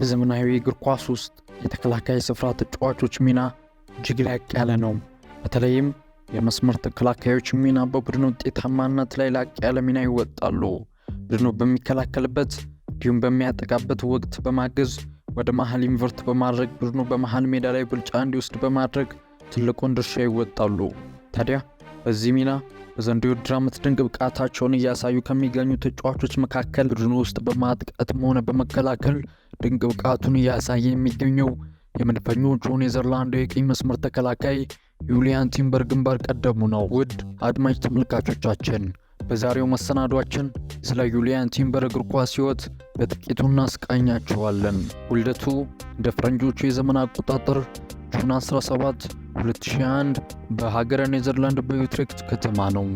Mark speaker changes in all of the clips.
Speaker 1: በዘመናዊ እግር ኳስ ውስጥ የተከላካይ ስፍራ ተጫዋቾች ሚና እጅግ ላቅ ያለ ነው። በተለይም የመስመር ተከላካዮች ሚና በቡድን ውጤታማነት ላይ ላቅ ያለ ሚና ይወጣሉ። ቡድኑ በሚከላከልበት እንዲሁም በሚያጠቃበት ወቅት በማገዝ ወደ መሀል ኢንቨርት በማድረግ ቡድኑ በመሀል ሜዳ ላይ ብልጫ እንዲወስድ በማድረግ ትልቁን ድርሻ ይወጣሉ። ታዲያ በዚህ ሚና በዘንድሮ የውድድር ዓመት ድንቅ ብቃታቸውን እያሳዩ ከሚገኙ ተጫዋቾች መካከል ቡድኑ ውስጥ በማጥቃትም ሆነ በመከላከል ድንቅ ብቃቱን እያሳየ የሚገኘው የመድፈኞቹ ኔዘርላንዳዊ የቀኝ መስመር ተከላካይ ዩሊያን ቲምበር ግንባር ቀደሙ ነው። ውድ አድማጭ ተመልካቾቻችን በዛሬው መሰናዷችን ስለ ዩሊያን ቲምበር እግር ኳስ ሕይወት በጥቂቱ እናስቃኛችኋለን። ውልደቱ እንደ ፈረንጆቹ የዘመን አቆጣጠር ጁን 17 2001 በሀገረ ኔዘርላንድ በዩትሬክት ከተማ ነው።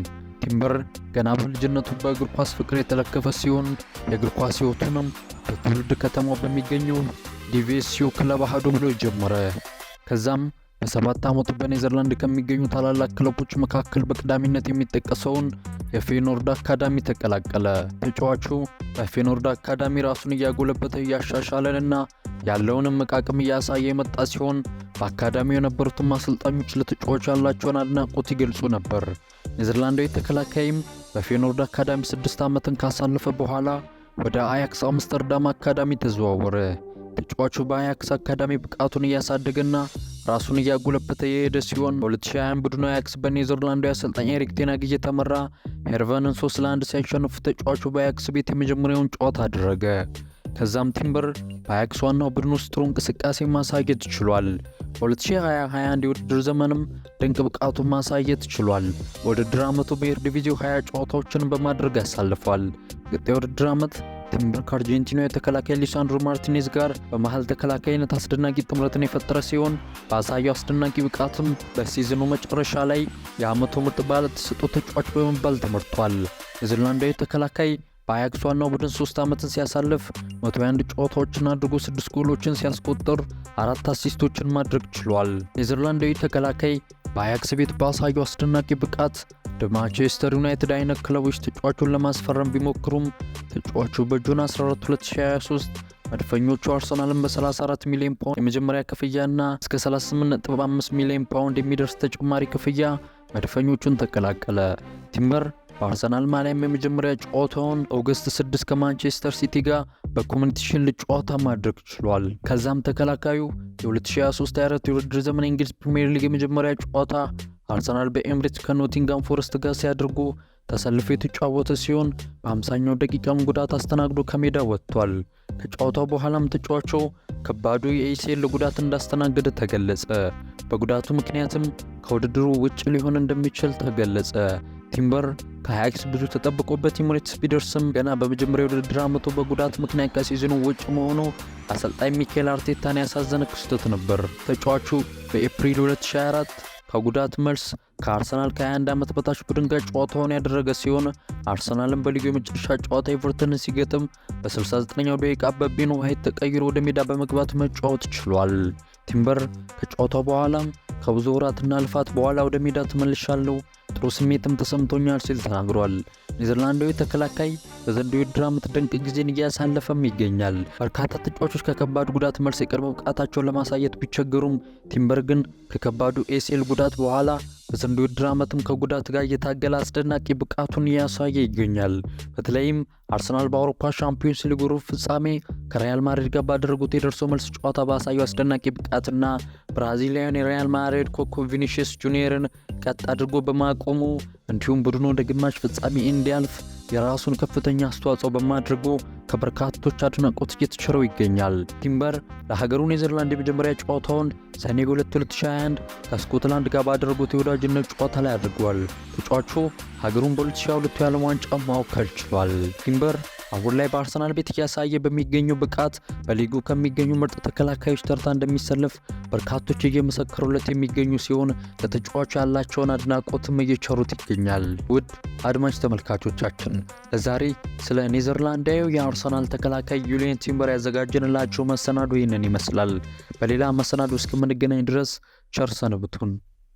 Speaker 1: ቲምበር ገና በልጅነቱ በእግር ኳስ ፍቅር የተለከፈ ሲሆን የእግር ኳስ ሕይወቱንም በትውልድ ከተማው በሚገኘው ዲቬሲዮ ክለብ አህዶ ብሎ ጀመረ። ከዛም በሰባት ዓመቱ በኔዘርላንድ ከሚገኙ ታላላቅ ክለቦች መካከል በቀዳሚነት የሚጠቀሰውን የፌኖርድ አካዳሚ ተቀላቀለ። ተጫዋቹ በፌኖርድ አካዳሚ ራሱን እያጎለበተ እያሻሻለንና ያለውንም አቅም እያሳየ የመጣ ሲሆን በአካዳሚው የነበሩትም አሰልጣኞች ለተጫዋቹ ያላቸውን አድናቆት ይገልጹ ነበር። ኔዘርላንዳዊ ተከላካይም በፌኖርድ አካዳሚ ስድስት ዓመትን ካሳለፈ በኋላ ወደ አያክስ አምስተርዳም አካዳሚ ተዘዋወረ። ተጫዋቹ በአያክስ አካዳሚ ብቃቱን እያሳደገና ራሱን እያጎለበተ የሄደ ሲሆን በ2020 ቡድኑ አያክስ በኔዘርላንዱ አሰልጣኝ ኤሪክ ቴናግ እየተመራ ሄርቨንን 3 ለ1 ሲያሸንፉ ተጫዋቹ በአያክስ ቤት የመጀመሪያውን ጨዋታ አደረገ። ከዛም ቲምበር በአያክስ ዋናው ቡድን ውስጥ ጥሩ እንቅስቃሴ ማሳየት ችሏል። በ2021 የውድድር ዘመንም ድንቅ ብቃቱን ማሳየት ችሏል። በውድድር ዓመቱ ዲቪዚዮ 20 ጨዋታዎችን በማድረግ አሳልፏል። ግጤ የውድድር ዓመት ቲምበር ከአርጀንቲናው የተከላካይ ሊሳንድሮ ማርቲኔዝ ጋር በመሀል ተከላካይነት አስደናቂ ጥምረትን የፈጠረ ሲሆን በአሳየው አስደናቂ ብቃትም በሲዝኑ መጨረሻ ላይ የዓመቱ ምርጥ ባለ ተሰጥኦ ተጫዋች በመባል ተመርቷል። ኔዘርላንዳዊ ተከላካይ በአያክስ ዋናው ቡድን ሶስት ዓመትን ሲያሳልፍ 101 ጨዋታዎችን አድርጎ ስድስት ጎሎችን ሲያስቆጥር አራት አሲስቶችን ማድረግ ችሏል። ኔዘርላንዳዊ ተከላካይ በአያክስ ቤት ባሳዩ አስደናቂ ብቃት በማንቸስተር ዩናይትድ አይነት ክለቦች ተጫዋቹን ለማስፈረም ቢሞክሩም ተጫዋቹ በጁን 14 2023 መድፈኞቹ አርሰናልን በ34 ሚሊዮን ፓውንድ የመጀመሪያ ክፍያና እስከ 38.5 ሚሊዮን ፓውንድ የሚደርስ ተጨማሪ ክፍያ መድፈኞቹን ተቀላቀለ። ቲምበር በአርሰናል ማሊያም የመጀመሪያ ጨዋታውን ኦገስት 6 ከማንቸስተር ሲቲ ጋር በኮሚኒቲሽን ጨዋታ ማድረግ ችሏል። ከዛም ተከላካዩ የ2023/24 የውድድር ዘመን የእንግሊዝ ፕሪምየር ሊግ የመጀመሪያ ጨዋታ አርሰናል በኤምሬት ከኖቲንጋም ፎረስት ጋር ሲያደርጉ ተሰልፎ የተጫወተ ሲሆን በ50ኛው ደቂቃም ጉዳት አስተናግዶ ከሜዳ ወጥቷል። ከጨዋታው በኋላም ተጫዋቸው ከባዱ የኤሲኤል ጉዳት እንዳስተናገደ ተገለጸ። በጉዳቱ ምክንያትም ከውድድሩ ውጭ ሊሆን እንደሚችል ተገለጸ። ቲምበር ከሀያክስ ብዙ ተጠብቆበት ኤሚሬትስ ቢደርስም ገና በመጀመሪያው ውድድር ዓመቱ በጉዳት ምክንያት ከሲዝኑ ውጭ መሆኑ አሰልጣኝ ሚካኤል አርቴታን ያሳዘነ ክስተት ነበር። ተጫዋቹ በኤፕሪል 2024 ከጉዳት መልስ ከአርሰናል ከ21 ዓመት በታች ቡድን ጋር ጨዋታውን ያደረገ ሲሆን አርሰናልን በሊጉ የመጨረሻ ጨዋታ ኤቨርተንን ሲገጥም በ69ኛው ደቂቃ በቢኖ ዋይት ተቀይሮ ወደ ሜዳ በመግባት መጫወት ችሏል። ቲምበር ከጨዋታው በኋላ ከብዙ ወራትና ልፋት በኋላ ወደ ሜዳ ተመልሻለሁ፣ ጥሩ ስሜትም ተሰምቶኛል ሲል ተናግሯል። ኔዘርላንዳዊ ተከላካይ በዘንድሮው የውድድር ዓመት ድንቅ ጊዜን እያሳለፈም ይገኛል። በርካታ ተጫዋቾች ከከባድ ጉዳት መልስ የቀድሞ ብቃታቸውን ለማሳየት ቢቸገሩም ቲምበር ግን ከከባዱ ኤሲኤል ጉዳት በኋላ በዘንድሮ የውድድር ዓመትም ከጉዳት ጋር እየታገለ አስደናቂ ብቃቱን እያሳየ ይገኛል። በተለይም አርሰናል በአውሮፓ ሻምፒዮንስ ሊግ ሩብ ፍጻሜ ከሪያል ማድሪድ ጋር ባደረጉት የደርሶ መልስ ጨዋታ ባሳዩ አስደናቂ ብቃትና ብራዚሊያን የሪያል ማድሪድ ኮከብ ቪኒሽስ ጁኒየርን ቀጥ አድርጎ በማቆሙ እንዲሁም ቡድኑ ወደ ግማሽ ፍጻሜ እንዲያልፍ የራሱን ከፍተኛ አስተዋጽኦ በማድረጉ ከበርካቶች አድናቆት እየተቸረው ይገኛል። ቲምበር ለሀገሩ ኔዘርላንድ የመጀመሪያ ጨዋታውን ሰኔ 2 2021 ከስኮትላንድ ጋር ባደረጉት የወዳጅነት ጨዋታ ላይ አድርጓል። ተጫዋቹ ሀገሩን በ2022 የዓለም ዋንጫ ማወከል ችሏል። ቲምበር አሁን ላይ በአርሰናል ቤት እያሳየ በሚገኘው ብቃት በሊጉ ከሚገኙ ምርጥ ተከላካዮች ተርታ እንደሚሰለፍ በርካቶች እየመሰከሩለት የሚገኙ ሲሆን ለተጫዋቹ ያላቸውን አድናቆትም እየቸሩት ይገኛል። ውድ አድማጭ ተመልካቾቻችን ለዛሬ ስለ ኔዘርላንዳዊው የአርሰናል ተከላካይ ዩሊየን ቲምበር ያዘጋጀንላችሁ መሰናዶ ይህንን ይመስላል። በሌላ መሰናዶ እስከምንገናኝ ድረስ ቸር ሰንብቱን።